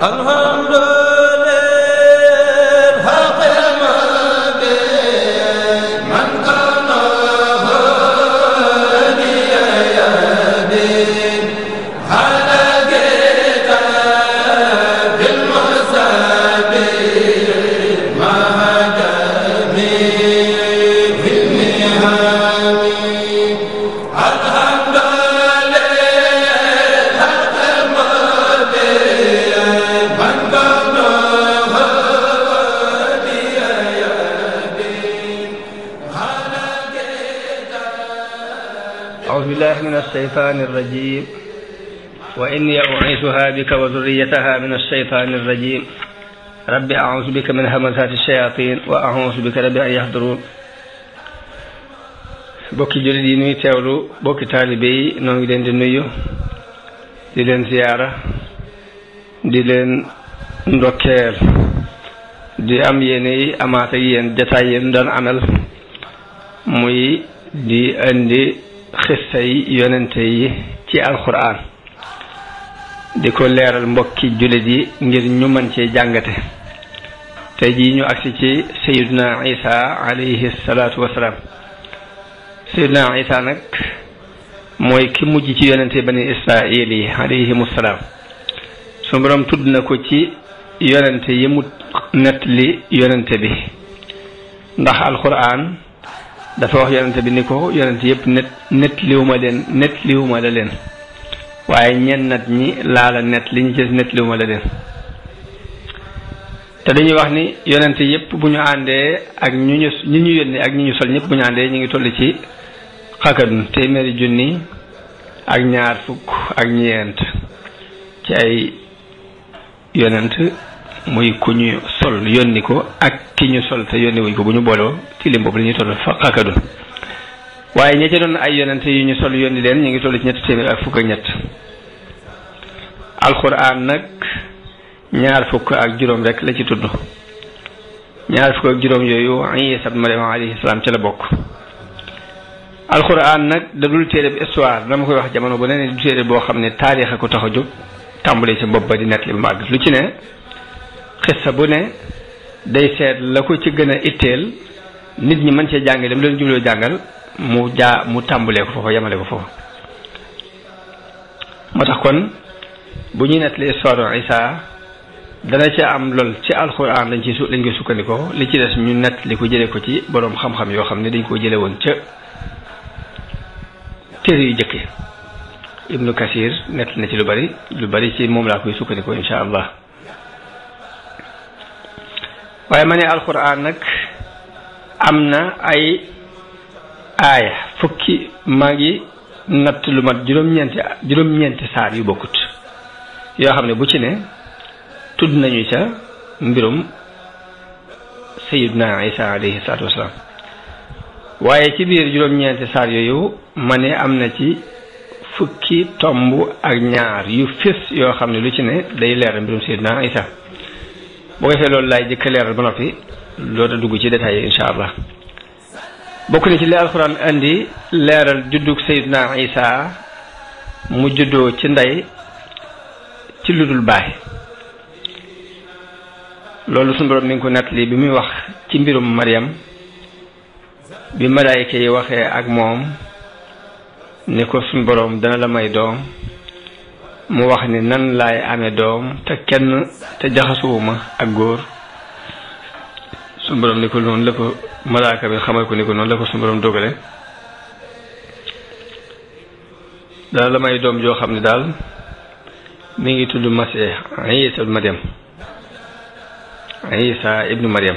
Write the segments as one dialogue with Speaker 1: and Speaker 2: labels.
Speaker 1: alhamdulillah وذريتها من الشيطان الرجيم رب أعوذ بك ngi leen di nuyu di leen ziyaara di leen am yéene yi amaat ak yéen jataay doon amal muy di indi xista yi yonente yi ci di ko leeral mbokki jullit yi ngir ñu mën cee jàngate tey jii ñu agsi ci sayiduna isa alayhi salaatu wasalaam sayiduna isa nag mooy ki mujj ci yonente bani israil yi alayhimu salaam su borom tudd na ko ci yonente li yonente bi ndax dafa wax yonente bi ni ko yonente yépp net net liwuma leen net liwuma la leen waaye ñenn nat ñi laala net li ñu gis net li ma la def te dañuy wax ni yonent yépp bu ñu àndee ak ñu ñu ñi ak ñi sol ñëpp bu ñu àndee ñu ngi toll ci xakadun téeméeri junni ak ñaar fukk ak ñeent ci ay yonent muy ku ñu sol yónni ko ak ki ñu sol te yónni wuñ ko bu ñu booloo ci lim boobu la ñuy toll fa xakadun waaye ña ca na ay yonente yu ñu sol yónni leen ñu ngi toll ci ñetti téeméer ak fukk ak ñett alxuraan nag ñaar fukk ak juróom rek la ci tudd ñaar fukk ak juróom yooyu Iisa ibn Maryam alayhi salaam la bokk alxuraan nag da dul téere bi histoire dama koy wax jamono bu ne ne du téere boo xam ne taarix a ko tax a jóg tàmbalee ci bopp ba di nettali ba màgg lu ci ne xissa bu ne day seet la ko ci gën a itteel nit ñi mën cee jàngale mu leen jubloo jàngal mu jaa mu tàmbalee ko foofu yemale ko foofu moo tax kon bu ñuy nettali histoire Isa dana ci am lool ci alxuraan lañ ci lañ koy sukkandikoo li ci des ñu li ko jëlee ko ci boroom xam-xam yoo xam ne dañ ko jële woon ca téere yu jëkk ibnu kasir nett na ci lu bari lu bari ci moom laa koy sukkandikoo insha allah waaye ma ne alxuraan nag am na ay aaya fukki maa ngi natt lu mat juróom-ñeenti juróom-ñeenti saar yu bokkut yoo xam ne bu ci ne tudd nañu ca mbirum sayidna isa alayhi salaatu wasalaam waaye ci biir juróom-ñeenti saar yooyu ma ne am na ci fukki tomb ak ñaar yu fés yoo xam ne lu ci ne day leeral mbirum na isa boo ko defee loolu laay jëkk leeral ba noppi loolu dugg ci détails yi incha allah bokk na ci li alxuraan indi leeral juddug Seydina Isa mu juddoo ci ndey ci ludul baay loolu suñu borom mi ngi ko nettali bi muy wax ci mbirum Maryam bi malaayika yi waxee ak moom ni ko suñu boroom dana la may doom mu wax ni nan lay amee doom te kenn te jaxasuwuma ak góor suñu borom ni ko noonu la ko malaaka bi xamal ko ni ko noonu la ko suñu borom dogale dana la doom joo xam ne daal mi ngi tudd Masih Isa ibnu Maryam Isa ibnu Maryam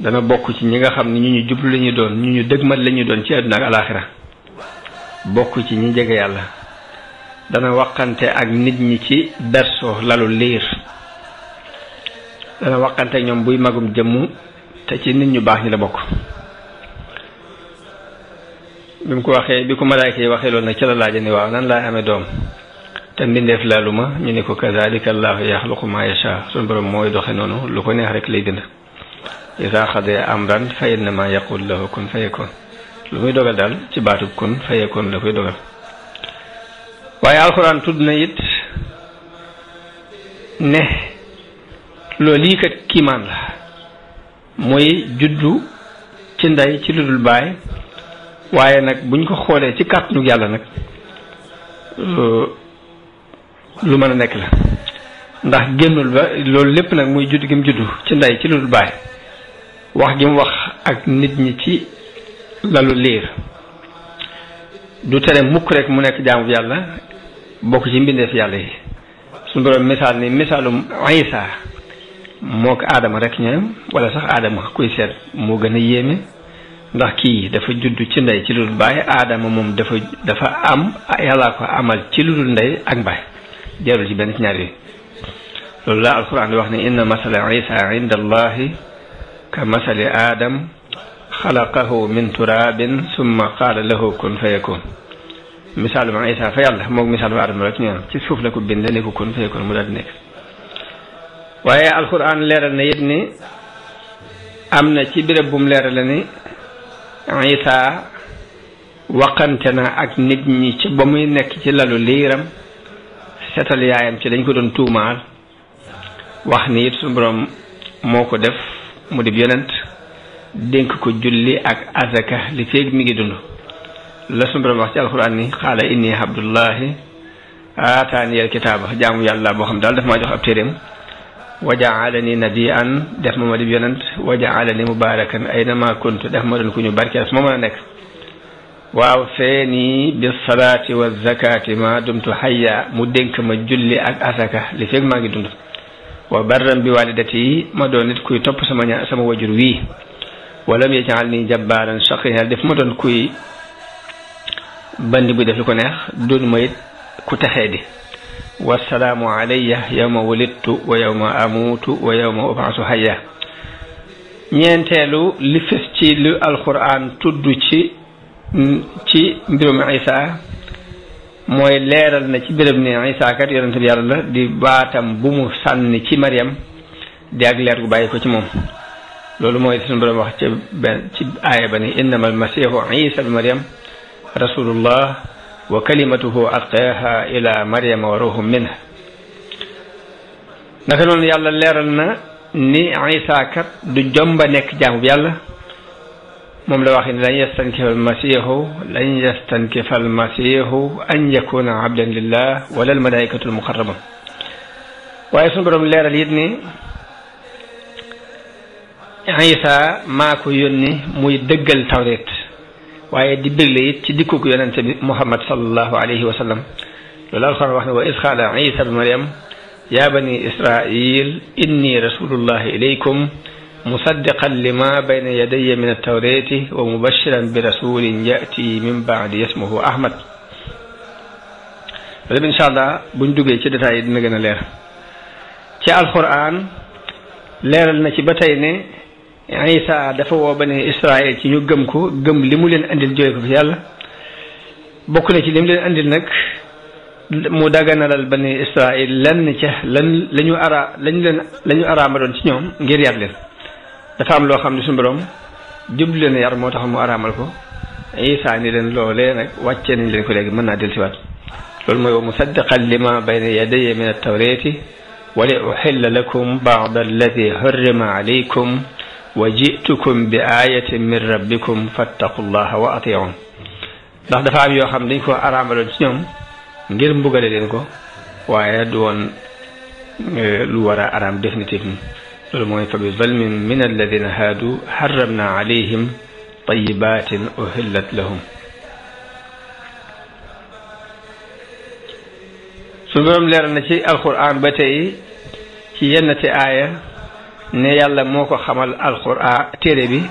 Speaker 1: dana bokk ci ñi nga xam ne ñu ñu jublu la doon ñu ñu dëgmat la doon ci àdduna ak alaaxira bokk ci ñi jege yàlla dana waxante ak nit ñi ci berso lalu liir dana waxante ñoom buy magum jëmm te ci nit ñu baax ñu la bokk bi mu ko waxee bi ko malaayka yi waxee loolu nag ci la laaja ni waaw nan laay amee doom te mbindeef laalu ma ñu ne ko kazalika allahu yaxluqu ma yasha suñu borom mooy doxe noonu lu ko neex rek lay bind isa xadee amran fa innama yaqul lahu kun fayakoon lu muy dogal daal ci baatub kun fayakoon la koy dogal waaye alxuraan tudd na it ne loolu yi kat kiimaan la mooy juddu ci ndey ci ludul baay waaye nag buñ ko xoolee ci kàttanu yàlla nag euh, lu mën a nekk la ndax génnul ba loolu lépp nag muy judd gi mu juddu ci ndey ci ludul baay wax gi mu wax ak nit ñi ci lalu liir du tere mukk rek mu nekk jaamu yàlla bokk ci mbindeef yàlla yi suñu borom misaal ni misaalum Isa moo ko aadama rek ñooyam wala sax aadama kuy seet moo gën a yéeme ndax kii dafa judd ci ndey ci lu dul bàyyi aadama moom dafa dafa am yàllaa ko amal ci lu dul ndey ak bàyyi jarul ci benn ci ñaar yi loolu laa alquran di wax ne inna masala isa inda allahi ka masali aadam xalaqahu min turabin summa qaala lahu kun fayakun misaalum isa fa yàlla moog misaalum aadama rek ñooyam ci suuf la ko binde ne ko kun fayakun mu daal di nekk waaye alxuraan leeral na it ni am na ci béréb bum leeral la ni Isaa waxante na ak nit ñi ci ba muy nekk ci lalu liiram setal yaayam ci dañ ko doon tuumaal wax ni it suñu moo ko def mu di yonent dénk ko julli ak azaka li feeg mi ngi dund la suñu borom wax ci alxuraan ni xaala inni abdullahi aataaniyal kitaaba jaamu yàlla boo xam daal daf maa jox ab téeréem wa jaalani nabiyan def ma ma dib yonent waja jaalani mubaarakan aynama kuntu def ma doon ku ñu barkeel su ma mën a nekk waaw feeni bi salaati wa zakaati ma dumtu hayya mu dénk ma julli ak asaka li fekk maa ngi dund wa barram bi walidati ma doon nit kuy topp sama ña sama wajur wii walam yajal ni jabbaaran shaqiya def ma doon kuy bandi bu def lu ko neex doon ma ku texee wasalaamu alayya yowma wulidtu wa yowma amuutu wa yowma ubaasu hayya ñeenteelu li ci lu alquran tudd ci mm, ci mbirum isa mooy leeral na ci béréb ne isa kat yonente bi la di baatam bu mu sànni ci mariam di ak leer gu bàyyi ko ci moom loolu mooy suñu borom wax ci benn ci aaya ba ni innama almasihu isa wa kalimatuhu atqaaha ila maryama wa ruhum minhu naka noonu yàlla leeral na ni isa kat du jomba nekk jaamu bi yàlla moom la wax ni lan yastankifa almasihu lan yastankifa almasihu an yakuna abdan lillah wala almalaikatu almuqarrabun waaye suñu borom leeral it ni isa maa ko yónni muy dëggal tawreet waaye di bégle it ci dikkuk yonente bi muhammad salallahu alayhi wa sallam loolu alxuraan wax ne wa is qaala isa bi mariam ya bani israil inni rasulullahi ilaykum musaddiqan lima bayna yadaya min altawrati wa mubashiran bi rasulin yati min baadi yasmuhu ahmad loolu incha allah buñ duggee ci détails yi dina gën a leer ci alxuraan leeral na ci ba tey ne Isa dafa woo bani Israel ci ñu gëm ko gëm li mu leen andil jooy ko fi yàlla bokk na ci li mu leen andil nag mu daganalal bani Israel lenn ca lan la ñu ara lañ leen la ñu araamaloon ci ñoom ngir yar leen dafa am loo xam ne suñu borom jublu leen yar moo tax mu araamal ko Isa ni leen loolee nag wàccee nañ leen ko léegi mën naa dellusiwaat loolu mooy wa musaddiqan lima bayna yadayya min at-tawrati wa li uhilla lakum ba'da alladi hurrima alaykum wa jitukum bi ayatin min rabbikum fattaqullaha wa atiun ndax dafa am yoo xam dañ ko araamaloon ci ñoom ngir mbugale leen ko waaye du woon euh, lu war a araam définitivement loolu mooy fa bi zalmin min alladina haadu harramna alayhim tayibatin uhillat lahum su boroom leeral na ci alquran ba tey ci yenn te aaya ne yàlla moo ko xamal alquran téere bi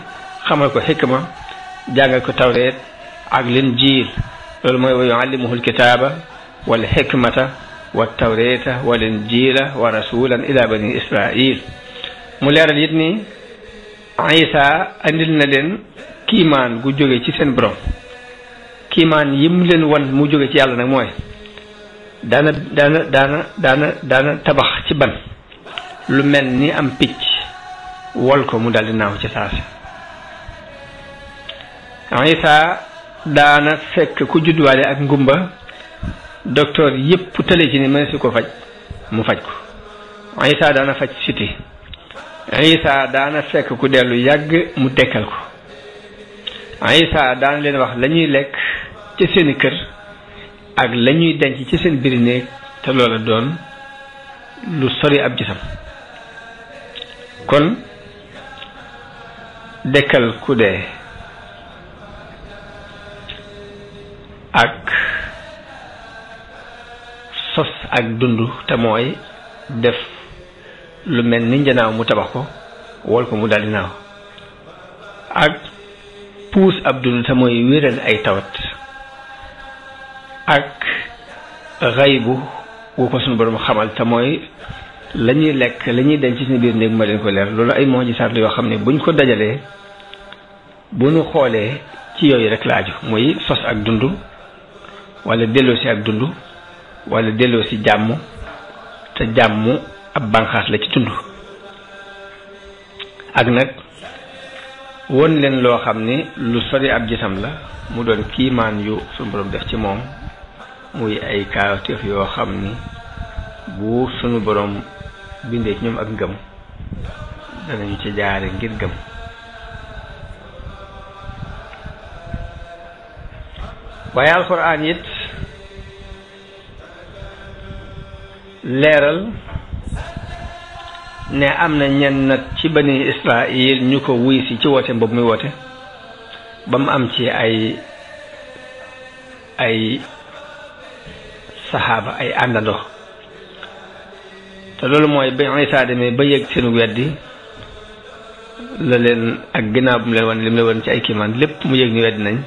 Speaker 1: xamal ko xikma jàngal ko tawreet ak linjiil loolu mooy wa yuallimuhu alkitaaba wal xikmata wa tawreeta wa linjiila wa rasulan ila bani israil mu leeral it ni isa andil na leen kiimaan gu jóge ci seen borom kiimaan yi mu leen wan mu jóge ci yàlla nag mooy daana daana daana daana daana tabax ci ban lu mel ni am picc wol ko mu daldi naaw ci saasi isa daana fekk ku judduwaale ak ngumba docteur yépp tële ci ni mën si ko faj mu faj ko isa daana faj siti isa daana fekk ku dellu yàgg mu dekkal ko isa daana leen wax lañuy lekk ci seeni kër ak lañuy denc ci seen biir néeg te loola doon lu sori ab gisam kon dekkal ku dee ak sos ak dund te mooy def lu mel ni njanaaw mu tabax ko wol ko mu daldi naaw ak puus ab dund te mooy wéral ay tawat ak xaybu wu ko sunu borom xamal te mooy la ñuy lekk la ñuy denc ci suñu biir néeg moo leen ko leer loolu ay mujjisaat la yoo xam ne buñ ko dajalee bu ñu xoolee ci yooyu rek laaju mooy sos ak dund wala delloosi ak dund wala delloosi jàmm te jàmm ab bànqaas la ci dund ak nag won leen loo xam ni lu sori ab jëtam la mu doon kiimaan yu suñu borom def ci moom muy ay kaatéef yoo xam ni bu sunu borom bindee ñoom ak ngëm danañu ci jaare ngir gëm waaye alxuraan it leeral ne am na ñenn nag ci bani Israil ñu ko wuy si ci woote boobu muy woote ba mu am ci ay ay saxaaba ay àndandoo te loolu mooy ba Isa demee ba yëg seenu weddi la leen ak ginnaaw bu mu leen wan li mu leen wan ci ay lépp mu yëg ni nañ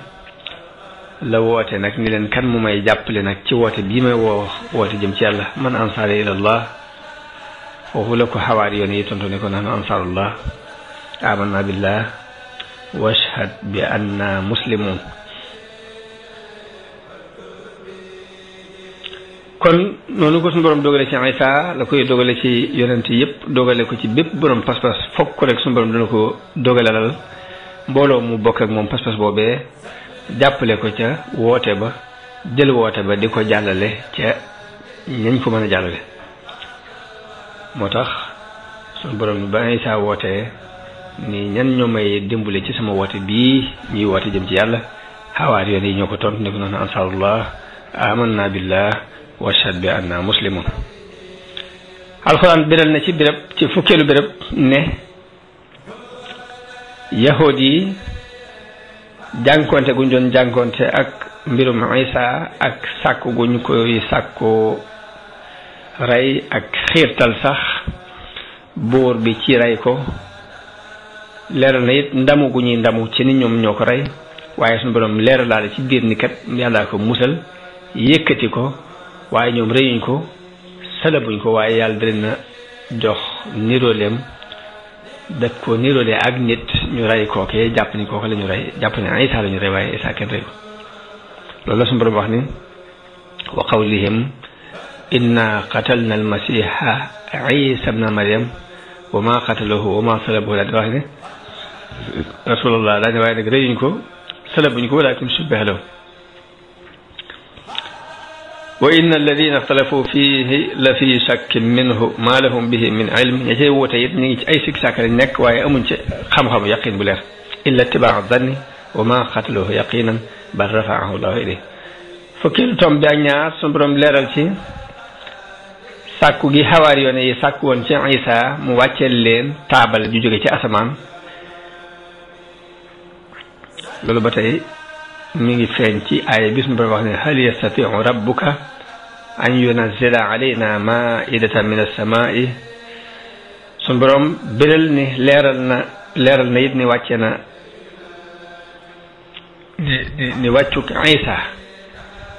Speaker 1: la woote nag ni leen kan mu may jàppale nag ci woote bii may woo woote jëm ci yàlla man ansaari ilallah foofu la ko xawaari yoon yi tontu ne ko nahnu ansaarullah amanna billah washhad bi anna muslimun kon noonu ko suñu borom dogale ci Isa la koy dogale ci yonent yëpp dogale ko ci bépp borom pas-pas fokk rek suñu borom dana ko dogalalal mbooloo mu bokk ak moom pas-pas boobee jàppale ko ca woote ba jël woote ba di ko jàllale ca ñañ ko mën a jàllale moo tax suñu borom bi ba Isa wootee ni ñan ñoo may dimbale ci sama woote bii ñuy woote jëm ci yàlla xawaar yoon yi ñoo ko tontu ne ko noonu ansaarullah aman naa billah washhad bi anna muslimun alxuraan biral na ci béréb ci fukkeelu béréb ne yahud yi jànkonte guñ doon jànkonte ak mbirum isa ak sàkku guñ koy sàkku rey ak xiirtal sax buur bi ci rey ko leeral na it ndamu gu ñuy ndamu ci ni ñoom ñoo ko rey waaye suñu borom leeralaale ci biir ni kat yàllaa ko musal yëkkati ko waaye ñoom reyuñ ko salabuñ ko waaye yàlla da na a jox niróoleem da ko niróole ak nit ñu rey kookee jàpp ni kooke la ñu rey jàpp ne rey waaye Isaa kenn loolu la suñu borom wax ni wa qawlihim inna qatalna almasiha isa bna mariam wa ma qataluhu wa ma salabuhu daal di wax ne rasulullah daal ne waaye ko salabuñ ko walakin subbiha lahu wa inna alladina ixtalafu fihi la fi shakkin minhu ma lahum bihi min ilm ña cay woote it ñu ngi ci ay sikk sàkk lañ nekk waaye amuñ ci xam-xamu yaqin bu leer illa tibaa zanni wa ma xataluhu yaqinan bal rafaahu llahu ilayh fukkilu tom bi ak ñaar suñu borom leeral ci sàkku gi xawaar yoone yi sàkku woon ci isa mu wàcceel leen taabal ju jóge ci asamaan loolu ba tey mi ngi feeñ ci aaya bi wax ne hal yastatiu rabbuka an yunazila alayna maidatan min alsamai suñu borom biral ni leeral na leeral it ni wàcce na ni ni wàccuk isa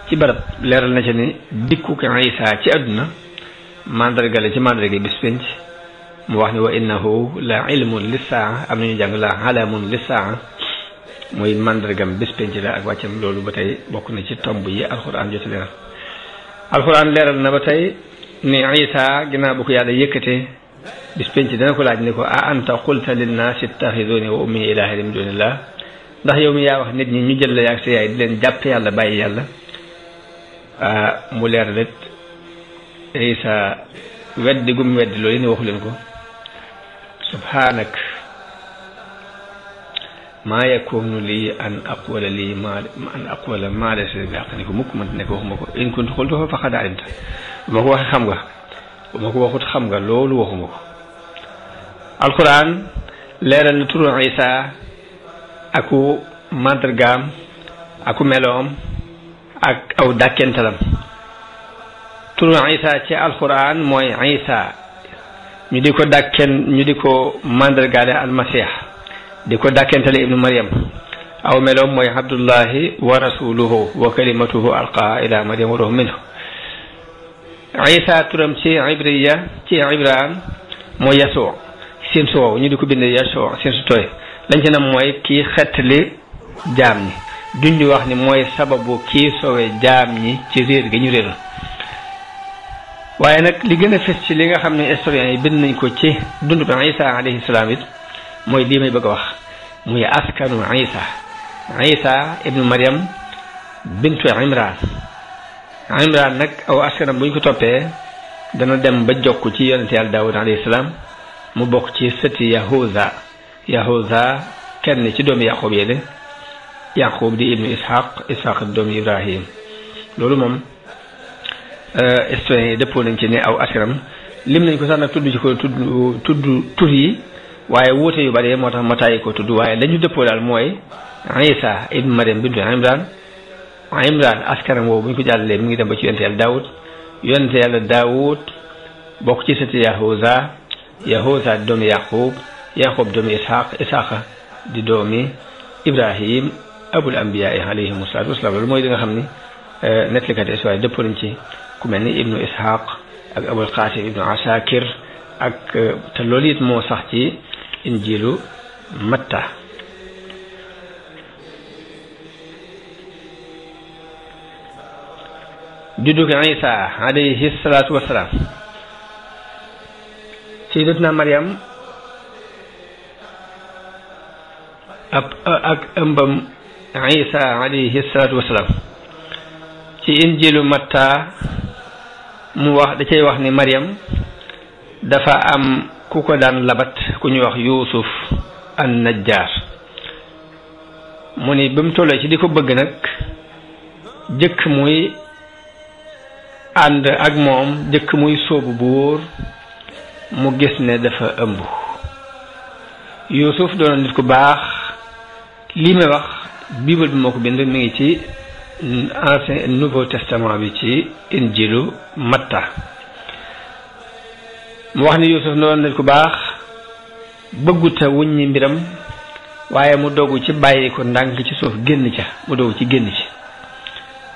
Speaker 1: ci barab leeral na ci ni dikkuk isa ci àdduna mandarga la ci mandarga bis penc mu wax ni wa innahu la ilmun lissaa am nañu jàng la alamun lissaa muy màndargam bés penc la ak wàccam loolu ba tey bokk na ci tomb yi alxuraan jot leeral alxuraan leeral na ba tey ni Isa ginnaaw bu ko yàlla yëkkate bis penc dana ko laaj ne ko a anta qulta linnaasi ittaxiduuni wa ummi ilaahi min ndax yow mi yaa wax nit ñi ñu jël la yaag sa yaay di leen jàpp yàlla bàyyi yàlla mu leer rek Isa weddi gum weddi loolu ni waxu leen ko subhaanak maa yakunu lii an aqula lii maa an aqula maa laysa bi haqq ni ko mukk man nekk waxuma ko in kuntu qultuhu faqad alimta bu ma ko waxee xam nga bu ma ko waxut xam nga loolu waxuma ko alquran leeral na turu isa aku mandargaam aku meloom ak aw dàkkentelam turu isa ci alquran mooy isa ñu di ko dàkken ñu di ko mandargaale almasiix di ko dàkkentale ibnu mariam aw meloom mooy abdullahi wa rasuluhu wa kalimatuhu alqaa ila mariam wa ruhun minhu isa turam ci ibriya ci ibrahim mooy yasoo sin wow ñu di ko bind yasoo sin su tooy lañ ci nam mooy kii xettali jaam ñi duñ di wax ni mooy sababu kii sowe jaam ñi ci réer gi ñu réeroon waaye nag li gën a ci li nga xam ne historiens yi bind nañ ko ci dund isa alayhi mooy lii may bëgg a wax muy askanu isa isa ibnu mariam bintu imran imran nag aw askanam bu ñu ko toppee dana dem ba jokk ci yonente yàlla daawud alayhi salaam mu bokk ci sëti yahuza yahuza kenn ci doomi yaqub yi de yaqub di ibnu ishaq ishaq di doomi ibrahim loolu moom euh, historien yi dëppoo nañ ci ne aw askanam lim nañ ko sax nag tudd ci ko tudd tudd tur yi waaye wuute yu bare moo tax ma tàyyi ko tudd waaye lañu dëppoo daal mooy Isa ibn Maryam bintu Imran Imran askaram woowu bu ñu ko jàllalee mi ngi dem ba ci yonte yàlla Daawud yonte yàlla bokk ci sëti Yahuza Yahuza di doomi Yaqub Yaqub doomi Ishaq Ishaqa di doomi Ibrahim abul anbiyaai alayhim salaatu wasalaam loolu mooy di nga xam ni eh, nettalikat yi waaye dëppoo nañ ci ku mel ni ibnu Ishaq ak abul Qasim ak eh, te loolu it moo sax ci injilu matta juddug isa alayhi salaatu wasalaam sayyidatuna Maryam ab ak ëmbam isa alayhi salaatu wasalaam ci injilu matta mu wax da cay wax ni Maryam dafa am ku ko daan labat ku ñuy wax yuusuf an najjaar mu ni ba mu tollee ci di ko bëgg nag jëkk muy ànd ak moom jëkk muy sóobu bu mu gis ne dafa ëmb yuusuf doon nit ku baax lii may wax bible bi moo ko bind mi ngi ci ancien nouveau testament bi ci injilu matta mu wax ni Yuusuf noonu nit ku baax bëgguta wuññi mbiram waaye mu dogu ci bàyyi ko ndànk ci suuf génn ca mu dogu ci génn ci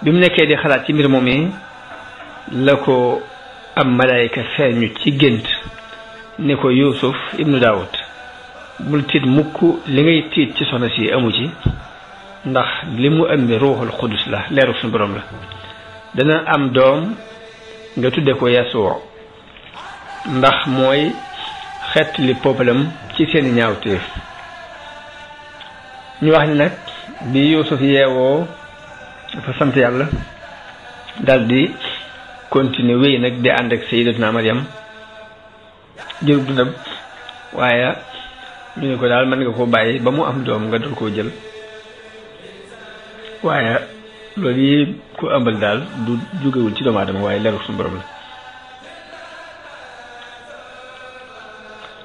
Speaker 1: bi mu nekkee di xalaat ci mbir moom yi la ko am malaayka feeñu ci gént ni ko Yuusuf ibnu Daawud bul tiit mukk li ngay tiit ci soxna si amu ci ndax li mu ëmbi ruuxul xudus la leeru suñu borom la dana am doom nga tudde ko Yasuwa ndax mooy xeetli problème ci seen ñaawteef ñu wax ni nag bi Yuusuf yeewoo dafa sant yàlla dal di continuer wéy nag di ànd ak Sayyidatuna Maryam jërub dundam waaye ñu ne ko daal mën nga koo bàyyi ba mu am doom nga dul koo jël waaye loolu yi ko ëmbal daal du jógewul ci doomu aadama waaye leeru suñu borom la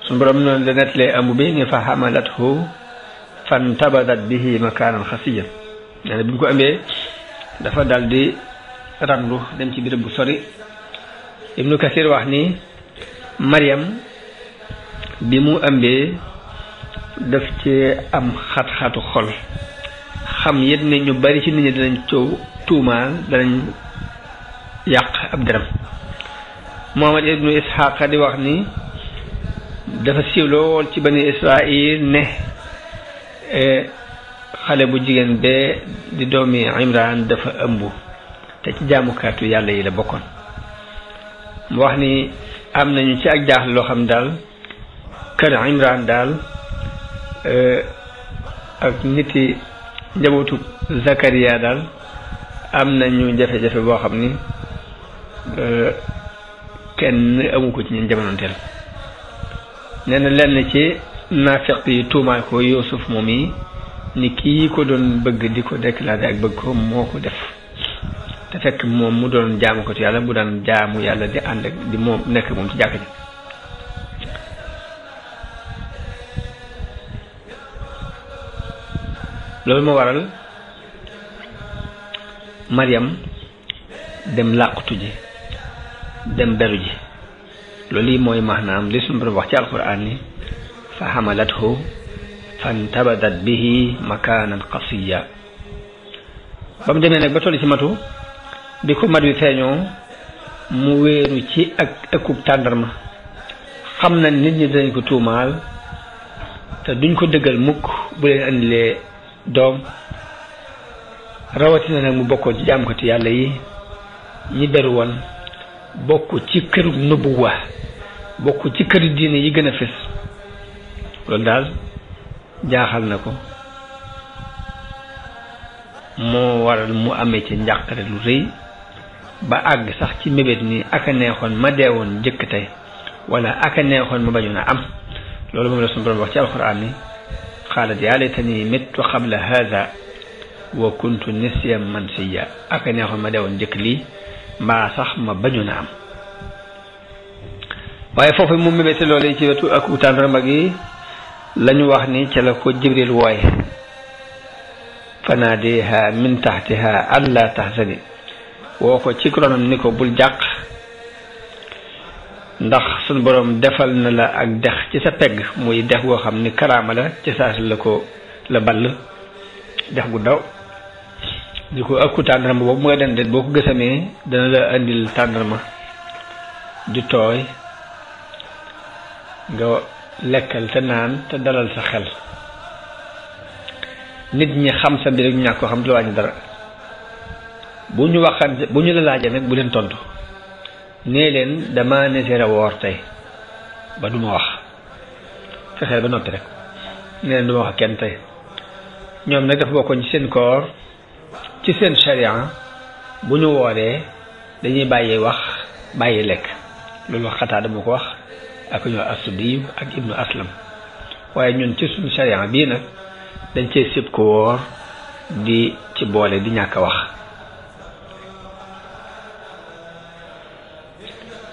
Speaker 1: su borom noonu la nettalee ambu bi nga fa xamalathu fantabadat bihi makaanan xasiyan nee na bi mu ko amee dafa dal di randu dem ci béréb bu sori ibnu kasir wax ni maryam bi mu ambee daf ci am xat-xatu xol xam yét ni ñu bari ci nit ñi danañ coow tuumaal danañ yàq ab deram muhammad ibnu ishaqa di wax ni dafa siiw lool ci bani israil ne e, xale bu jigéen bee di doomi imran dafa ëmb te ci jaamukatu yàlla yi la bokkoon mu wax ni am nañu ci ak jaax loo xam daal kër imran daal e, ak nit niti njabootu Zakaria daal am nañu jafe-jafe boo xam ni e, kenn amu ko ci ñu jamonoonteel nee lenn ci naafiq yi tuumaal ko Youssouf moom yi ni kii ko doon bëgg di ko déclaré ak bëgg ko moo ko def te fekk moom mu doon jaamu ko ci yàlla bu daan jaamu yàlla di ànd ak di moom nekk moom ci jàkk ji loolu moo waral Mariam dem làqutu ji dem beru ji loolu yi mooy maanaam li suñu borom wax ci alquran ni fa xamalathu fantabadat bihi makaanan qasiya ba mu demee nag ba toll ci matu bi ko mat wi feeñoo mu wéeru ci ak ëkkub tàndarma xam na nit ñi dinañ ko tuumaal te duñ ko dëggal mukk bu leen andilee doom rawatina nag mu bokkoon ci jaamkati yàlla yi ñi beru woon bokk ci kër këru nubuwa bokk ci kër diine yi gën a fës loolu daal jaaxal na ko moo waral mu amee ci njàqare lu rëy ba àgg sax ci mébét nii aka neexoon ma deewoon jëkk tey wala aka neexoon ma bañoon a am loolu moom la suñu borom wax ci alxuraan ni xaalat yaa laytanii mittu qabla haada wa kuntu nisyan mansiya aka neexoon ma deewoon jëkk lii mbaa sax ma bañu na am waaye foofu mu mébéte loolu ci wetu ak utàndarma yi lañu wax ni ca la ko jibril wooye fanaadiha min taxtiha alla taxsani woo ko ci koronam ni ko bul jàq ndax sunu boroom defal na la ak dex ci sa pegg muy dex goo xam ni karaama la ci saas la ko la ball dex gu daw di ko ëkku tàndarma boobu mooy den den boo ko gësamee dana la indil tàndarma ju tooy nga lekkal te naan te dalal sa xel nit ñi xam sa mbir ak ñàkk ko xam du la wàññi dara bu ñu waxan bu ñu la laajee bu leen tontu nee leen dama ne seere woor tey ba duma wax fexeel ba noppi rek nee leen duma wax kenn tey ñoom nag dafa bokkoon ci seen koor ci seen sharia bu ñu wooree dañuy bàyyi wax bàyyi lekk loolu xataada moo ko wax ak ñoo assudiyu ak ibnu aslam waaye ñun ci suñu sharia bii nag dañ cee sib ko woor di ci boole di ñàkk wax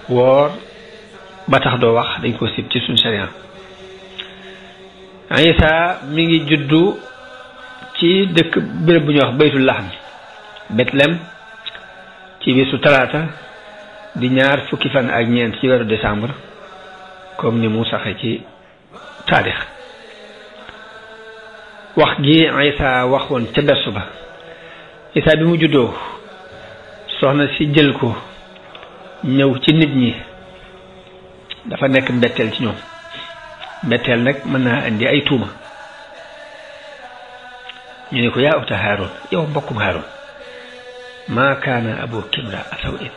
Speaker 1: woor ba tax doo wax dañ koo sib ci suñ sharia Isa mu ngi juddu ci dëkk béréb bu ñuy wax baytul laxam Betlem ci bisu talaata di ñaar fukki fan ak ñeent ci weeru décembre comme ni mu saxee ci taarix wax gi Isa waxoon ca bersu ba Isa bi mu juddoo soxna si jël ko ñëw ci nit ñi dafa nekk mbetteel ci ñoom mbetteel nag mën naa indi ay tuuma ñu ne ko yaa uta Haaroon yow mbokkum Haaroon maa kaana abu kibra asaw in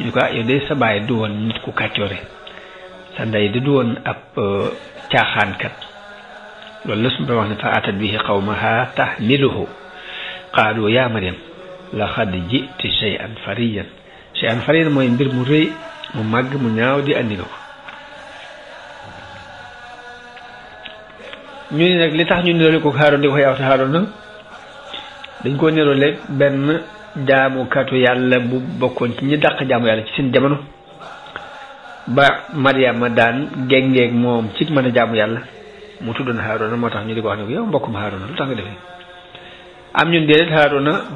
Speaker 1: ñu ko ah yow day sa du woon nit ku kàccoore sa ndey di du woon ab euh, caaxaankat loolu la su ma wax ne fa atat bihi qawmaha tahmiluhu qaalu yaa Maryam laqad ji'ti shay'an fariyan shay'an fariyan mooy mbir mu rëy mu màgg mu ñaaw di andi nga ko ñu ne li tax ñu niroole ko Haaroon di ko yaaw te Haaroon na dañ koo niroole benn jaamukatu yàlla bu bokkoon ci ñi daq jaamu yàlla ci seen jamono ba Mariama daan géngeeg moom ci mën a jaamu yàlla mu tudd tuddoon Haaruna moo tax ñu di ko wax ne ko yow mbokkum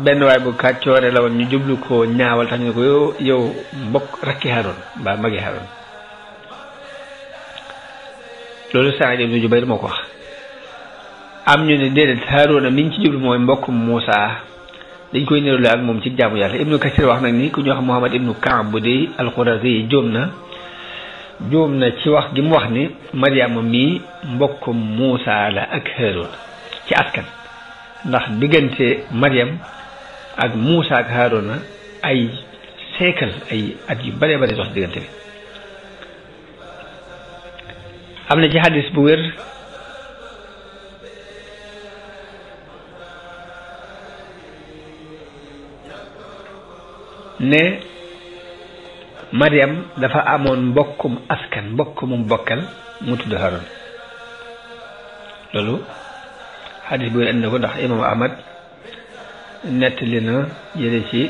Speaker 1: benn waay bu kàccoore la ñu jublu ko ñaawal ko yow yow mbokk rakki Haaruna mbaa magi Haaruna loolu Saïd ibnu Jubayr moo ko wax am ñu ne déedéet Haaruna mi ci jublu mooy mbokkum Muusaa dañ koy nirale ak moom ci jaamu yàlla ibnu kasir wax nag ni ku ñu wax muhammad ibnu kaab bu dey alxuraasi yi jóom na jóom na ci wax gi mu wax ni mariama mii mbokkum muusa la ak haaroon ci askan ndax diggante mariam ak muusa ak na ay seekal ay at yu bare bare dox diggante bi am na ci xadis bu wér ne Mariam dafa amoon mbokkum askan mbokk mu bokkal mu tudd Haroun loolu xadis bi indi ko ndax imam Ahmad nettali na jële ci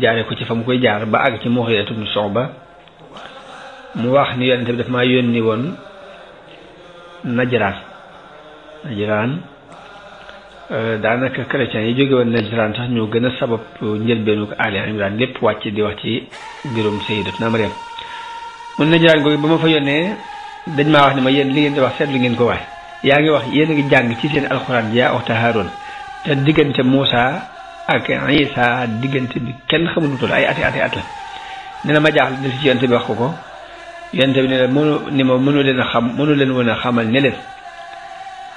Speaker 1: jaare ko ci fa mu koy jaar ba àgg ci Mughiratu ibn Shu'ba mu wax ni yonente bi daf maa yónni woon Najraan Najraan Euh, daanaka chrétiens yi jóge woon Najraan sax ñoo gën a sabab njëlbeenu Ali Imran lépp wàcc di wax ci mbirum Sayyidatuna Maryam mun Najraan googu ba ma fa yónnee dañ maa wax ne ma yéen li ngeen di wax seetlu ngeen ko waay yaa ngi wax yéen ngi jàng ci seen alxuraan yaa waxta Haaroon te diggante Moussa ak Isa diggante bi kenn xamul ay ati ati at la ne na ma jaaxle dal si yonte bi wax ko ko yonte bi ne ni ma mënu leen a xam mënu leen woon a xamal ne leen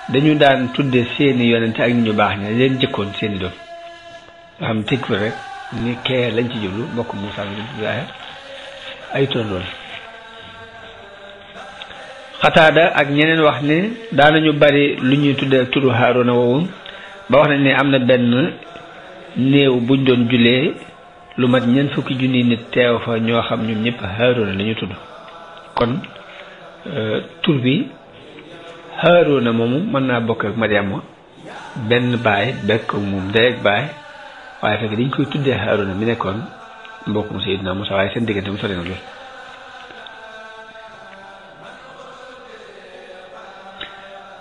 Speaker 1: dañu daan tudde seeni yonent ak ñu baax ña leen jëkkoon seeni doom nga xam tëj ko rek ni kee lañ ci jublu mbokk Moussa Ibrahima ay tondoon xataada ak ñeneen wax ne daanañu bari lu ñuy tudde turu Haaruna woowu ba wax nañ ne am na benn néew buñ doon julee lu mat ñeent fukki junni nit teew fa ñoo xam ñoom ñëpp Haaruna la tudd kon euh, tur bi Haaruna moomu mën naa bokk ak Mariama benn baay bekk ak moom ndey ak baay waaye fekk dañ koy tuddee Haaruna mi nekkoon mbokkum Seydina Musaa waaye seen diggante mu sori na lool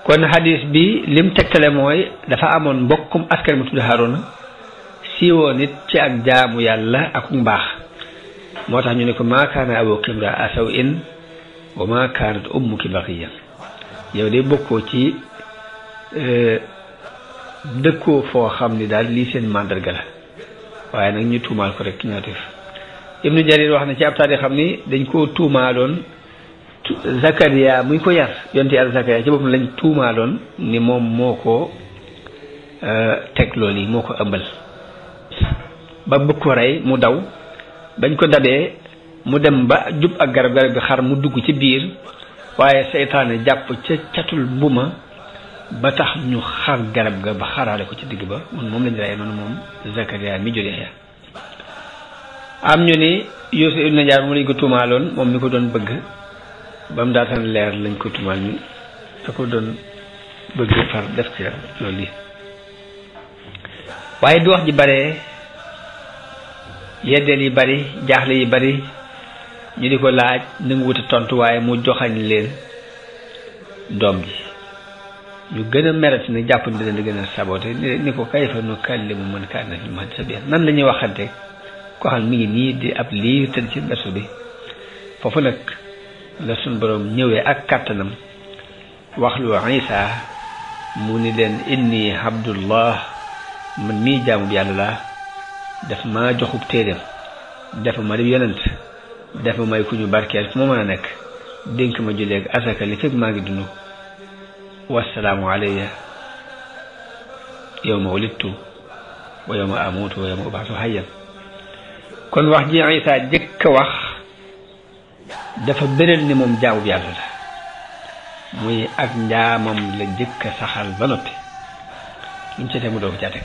Speaker 1: kon xadis bi lim tegtale mooy dafa amoon mbokkum askan mu tudd Haaruna siiwoon it ci ak jaamu yàlla ak mbaax moo tax ñu ne ko maa kaana abuki imra asaw in wa maa kaanat ummuki baqiya yow de bokkoo ci euh, dëkkoo foo xam ni daal lii seen màndarga la waaye nag ñu tuumaal ko rek ñootif ibnu jarir wax na ci ab taarix xam ni dañ koo tuumaaloon Zakaria muy ko yar yonte yàlla Zakaria ci boppam lañ tuumaaloon ni moom moo ko euh, teg loolu yi moo ko ëmbal ba bëgg ko rey mu daw bañ ko dabee mu dem ba jub ak garab garab bi xar mu dugg ci biir waaye seytaane jàpp ca catul buma ba tax ñu xar garab ga ba xaraale ko ci digg ba mun moom lañu rey noonu moom Zakaria mi jóge xeex am ñu ni Yuusuf ibn Najaar moom lañ ko tuumaaloon moom mi ko doon bëgg ba mu daataan leer lañ ko tuumaal ñu da ko doon bëgg far def ci loolu lii waaye du wax ji bare yeddeel yi bari jaaxle yi bari ñu di ko laaj nanguwuta tontu waaye mu joxañ leen doom ji ñu gën a merati ne jàpp ni di gën a sabote ni ko kayfa nu kallimu man kaana fi mahdi nan la ñuy waxante ko mi ngi nii di ab liir tëdd ci berceau bi foofu nag la suñ boroom ñëwee ak kàttanam wax lu Isa mu ni leen inni abdullah man mii jaamu bi yàlla laa ma joxub téeréem dafa ma di yonent def ma may ku ñu barkeel fu ma mën a nekk dénk ma julleeg asaka li fekk maa ngi dund wasalaamu alayya yow ma wulittu wa yow ma amuutu wa yow ma ubaatu hayyan kon wax ji Isa jëkk a wax dafa bëral ni moom jaawu yàlla la muy ak njaamam la jëkk a saxal ba noppi luñ mu doo ko caa teg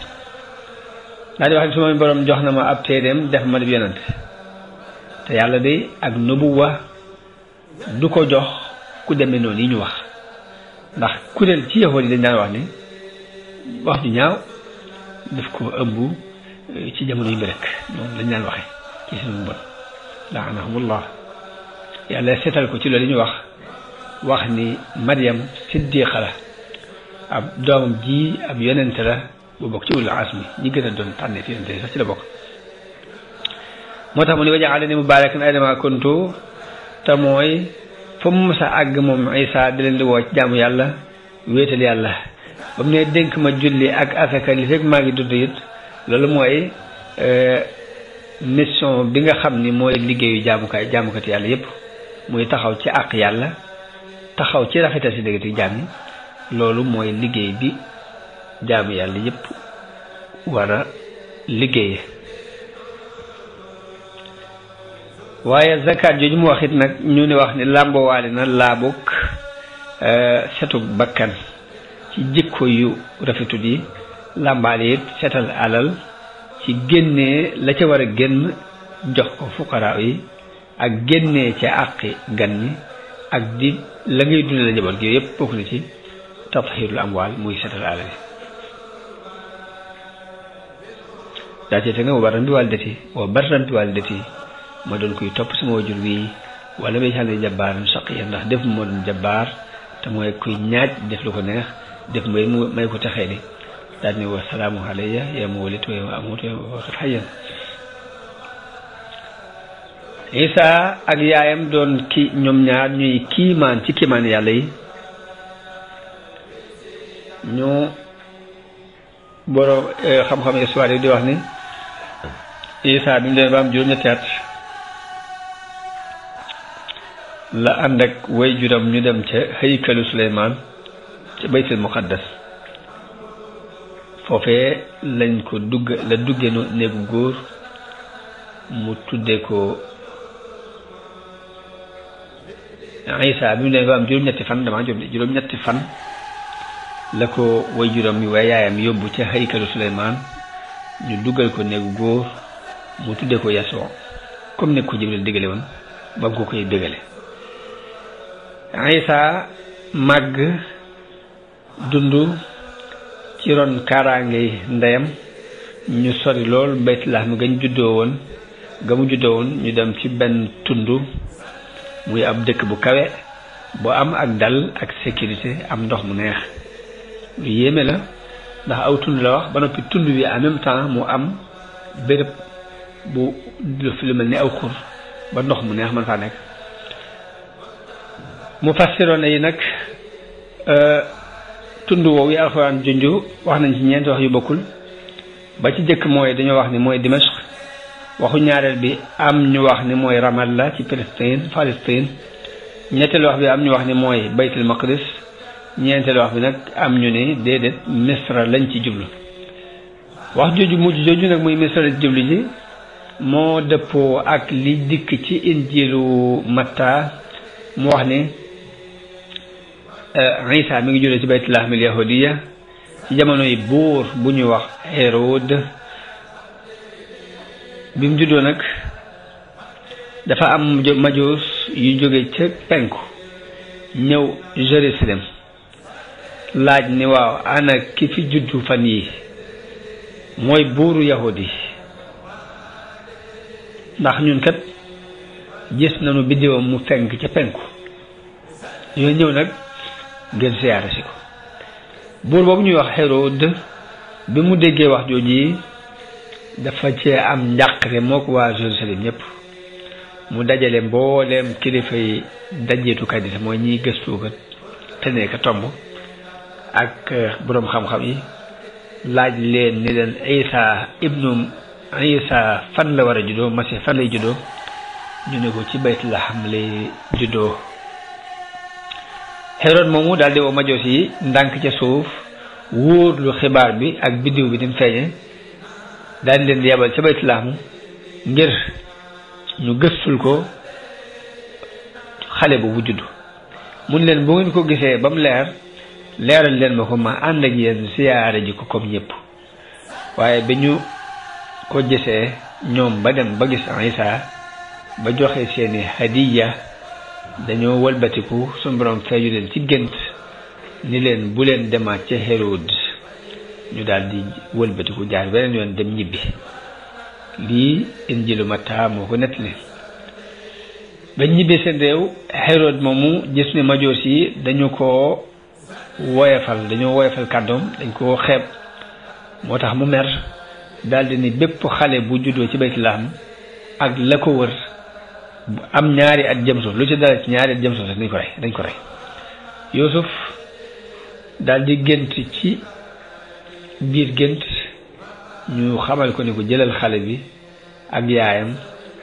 Speaker 1: daa di wax su ma borom jox na ma ab téeréem def ma def yonante te yàlla de ak nubuwa du ko jox ku demee noon yi ñu wax ndax ku kuréel ci yahood yi dañ daan wax ni wax ju ñaaw daf ko ëmb eh, ci jamono yu bi rek moom dañ daan waxe ci seen mbon laanahumullah yàlla seetal ko ci loolu ñu wax wax ni Maryam siddiqa la ab doomam ji ab yonente la bu bokk ci ulul azmi ñi gën a doon tànneef yonente sax ci la bokk moo tax mu ni wajaalani mubarakan aynama kuntu te mooy fa mu mës àgg moom Isa di leen di woo ci jaamu yàlla wéetal yàlla ba mu ne dénk ma julli ak asaka li maa ngi dund it loolu mooy e, mission bi nga xam ni mooy liggéeyu jaamukaay jaamukat yàlla yépp muy taxaw ci àq yàlla taxaw ci rafetal si dëggati jaam yi loolu mooy liggéey bi jaamu yàlla yépp war a liggéey waaye zakat jooju mu wax it nag ñu ni wax ni làmbowaale na laabuk euh, setu bakkan ci jikko yu rafetut yi làmbaale it setal alal ci génnee la ca war a génn jox ko fukaraaw yi ak génnee ca àqi gan ñi ak di la ngay dundee la njaboot gi yooyu yëpp bokk na ci tatxirul amwaal muy setal alal yi daa cee te nga wa barran bi wàlidati wa barran bi wàlidati ma doon kuy topp ma wajur wi wala may jàll jabaaran saqiya ndax def moo doon jabaar te mooy kuy ñaaj def lu ko neex def may may ko taxee di daal ne wa salaamu yaa ma walit wa yaa ma amut wa ak yaayam doon ki ñoom ñaar ñuy yàlla yi ñu borom eh, yi di wax ni Isa bi mu demee ba am juróom-ñetti at la ànd ak way juram ñu dem ca haykalu suleymaan ca baytul muqaddas foofee lañ ko dugg la dugge no néegu góor mu tudde ko Isa bi mu ne fan damaa ko way juram way yaayam yóbbu ca haykalu suleymaan ñu duggal ko néegu góor mu tuddee ko yasoo comme ne ko Jibril digale woon ba mu koy digale Isa màgg dund ci ron kaaraangey ndeyam ñu sori lool Baytul mi gañ juddoo woon ga mu juddoo woon ñu dem ci benn tund muy ab dëkk bu kawe bu am ak dal ak sécurité am ndox mu neex lu yéeme la ndax aw tund la wax ba noppi tund bi en même temps mu am béréb bu lu mel ni aw xur ba ndox mu neex man faa nekk mu mufassiroon yi nag euh, tund woowu yi alxuraan junj wax nañ ci ñeenti wax yu bokkul ba ci jëkk mooy dañoo wax ni mooy Dimashq waxu ñaareel bi am ñu wax ni mooy Ramallah ci Palestine Palestine ñetteelu wax bi am ñu wax ni mooy baytul maqdis ñeenteelu wax bi nag am ñu ni déedéet misra lañ ci jublu wax jooju mujj jooju nag muy misra lañ ci jublu ji moo dëppoo ak li dikk ci injilu Matta mu wax ni Eh, Isa mi ngi juddoo ci baytulahmi yahudiya ci jamono yi buur bu ñu wax Hérode bi mu juddoo nag dafa am majuus yu jóge ca penku ñëw Jérusalem laaj ni waaw ana ki fi juddu fan yi mooy buuru yahudi ndax ñun kat gis nañu biddiwam mu fenk ca penku yooyu ñëw nag ngir siyaare si ko buur boobu ñuy wax Hérode bi mu déggee wax yi dafa cee am njàqare moo ko waa Jérusalem ñëpp mu dajale mbooleem kilifa yi dajeetukat yi mooy ñiy gëstukat te nekk tomb ak eh, boroom xam-xam yi laaj leen ni leen isa ibnu isa fan la war a juddoo masi fan lay juddoo ñu ne ko ci bayt la xam lay juddoo Hérode moomu daal di woo majoos yi ndànk ca suuf wóorlu xibaar bi ak biddiw bi ni mu feeñe daal leen di yebal ca baytulaamu ngir ñu gëstul ko xale bi boobu judd mun leen bu ngeen ko gisee ba mu leer leeral leen ma ko ma ànd ak yéen siyaare ji ko comme ñëpp waaye ba ñu ko gisee ñoom ba dem ba gis Isa ba joxe seeni hadiya dañoo walbatiku suñu borom feeju leen ci gént ni leen bu leen demaat ci Hérode ñu daldi wëlbatiku jaar beneen yoon dem ñibbi lii injilu Matta moo ko nettali ba ñibbee seen réew Hérode moomu gis ni majoos yi dañu ko woyefal dañoo woyefal kàddoom dañ koo xeeb moo tax mu mer daldi ni bépp xale bu juddoo ci baytulaam ak la ko wër am ñaari at jëm suuf lu ci dara ci ñaari at jëm suuf rek dañ ko rey dañ ko rey Yuusuf daal di gént ci biir gént ñu xamal ko ni ko jëlal xale bi ak yaayam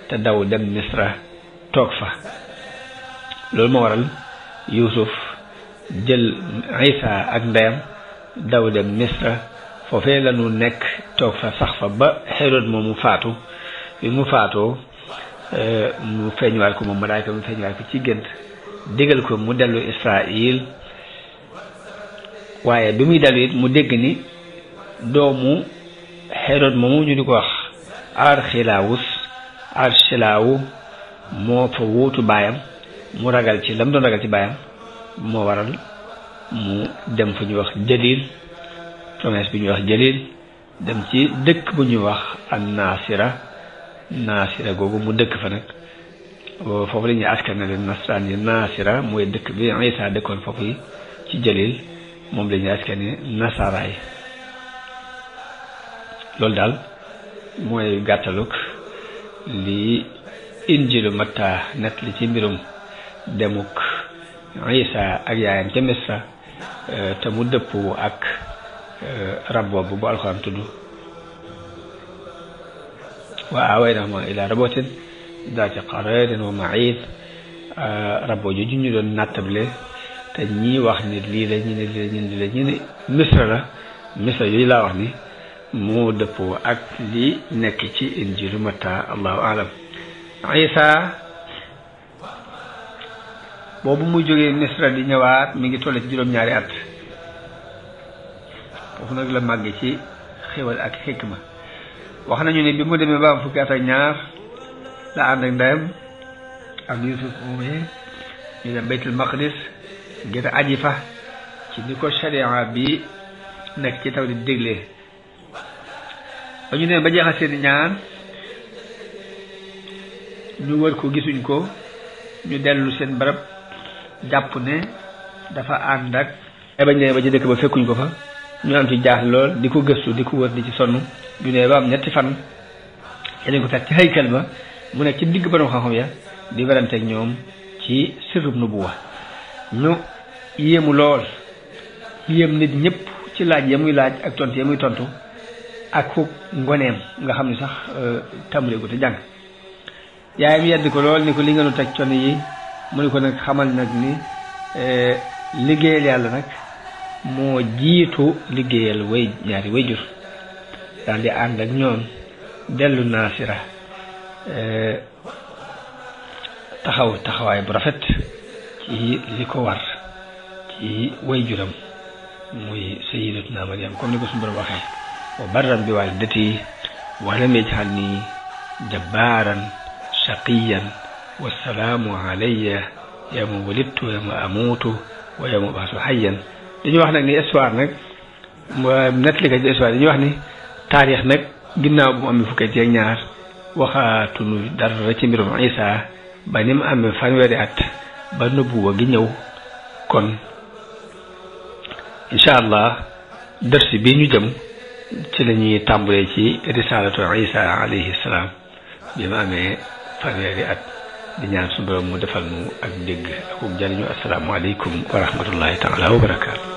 Speaker 1: te daw dem Misra toog fa loolu ma waral Yuusuf jël Isa ak ndeyam daw dem Misra foofee la nekk toog fa sax fa ba Hérode moomu faatu bi mu faatoo Euh, mu feeñuwaat ko moom malaayka mu feeñuwaat ko ci gént digal ko mu dellu Israil waaye bi muy dellu it mu dégg ni doomu Hérod moomu ñu di ko wax Arxilaawus Arxilaawu moo fa wuutu baayam mu ragal ci lam doon ragal ci baayam moo waral mu dem fu ñuy wax Jalil promesse bi ñuy wax Jalil dem ci dëkk bu ñuy wax an Nasira naasira googu mu dëkk fa nag foofu la ñuy askanale nasraan yi naasira mooy dëkk bi Isa dëkkoon foofu yi ci Jalil moom la ñuy askane nasaraay loolu daal mooy gàttalu li injilu Matta nett li ci mbirum demuk Isa ak yaayam ca Misra eh, te mu dëpp ak eh, rab boobu bu alxuraan tudd وآويناهما إلى ربوة ذات قرار ومعيث rabo jooju ñu doon nattable te ñii wax ni lii la ñu ne la ñu ne la ñu ne misra la misra yooyu laa wax ni moo dëppoo ak li nekk ci injilu mata allahu alam isa mu jógee di ñëwaat mi ngi toll ci juróom-ñaari at foofu nag la màgg ci xéwal ak xikma wax nañu ne bi mu demee ba am fukki at ak ñaar la ànd ak ndeyam ak Yusuf moomee ñu dem baytul maqdis ngir aji fa ci ni ko sharia bi nekk ci taw di déglee ba ñu demee ba jeexal seen ñaan ñu wër ko gisuñ ko ñu dellu seen barab jàpp ne dafa ànd ak ay bañ demee ba ci dëkk ba fekkuñ ko fa ñu am ci jaax lool di ko gëstu di ko wër di ci sonn ñu ne ba am ñetti fan yéen ko fekk ci haykal ba mu nekk ci digg borom xam-xam ya di weranteeg ñoom ci sirrub nubuwa ñu yéemu lool yéem nit ñëpp ci laaj ya muy laaj ak tontu ya muy tontu ak ku ngoneem nga xam ne sax euh, tàmbalee gu te jàng yaayam yedd ko lool ni ko li nga teg con yi mu ne ko nag xamal nag ni euh, liggéeyal yàlla nag moo jiitu liggéeyal way ñaari wayjur daal di ànd ak ñoom dellu naasira eh, taxaw taxawaay bu rafet ci li ko war ci wayjuram muy sayyidatuna Maryam comme ni ko suñu borom waxee wa barran bi waalidati wa lam yaj'alni jabbaaran shaqiyan wa salaamu alayya yawma wulidtu wa yawma amuutu wa yawma ub'asu hayyan dañuy wax nag ni histoire nag nettalikat ci histoire dañuy wax ni taarix nag ginnaaw bu mu amee fukki at ci mbirum Isaa ba ni mu amee fanweeri gi ñëw kon incha allah dërsi bii ñu jëm ci la ñuy tàmbalee ci risalatu Isa alayhi bi mu amee fanweeri at di ñaan suñu borom mu defal mu ak dégg ak jariñu asalaamualeykum wa rahmatullahi taala wa barakaatu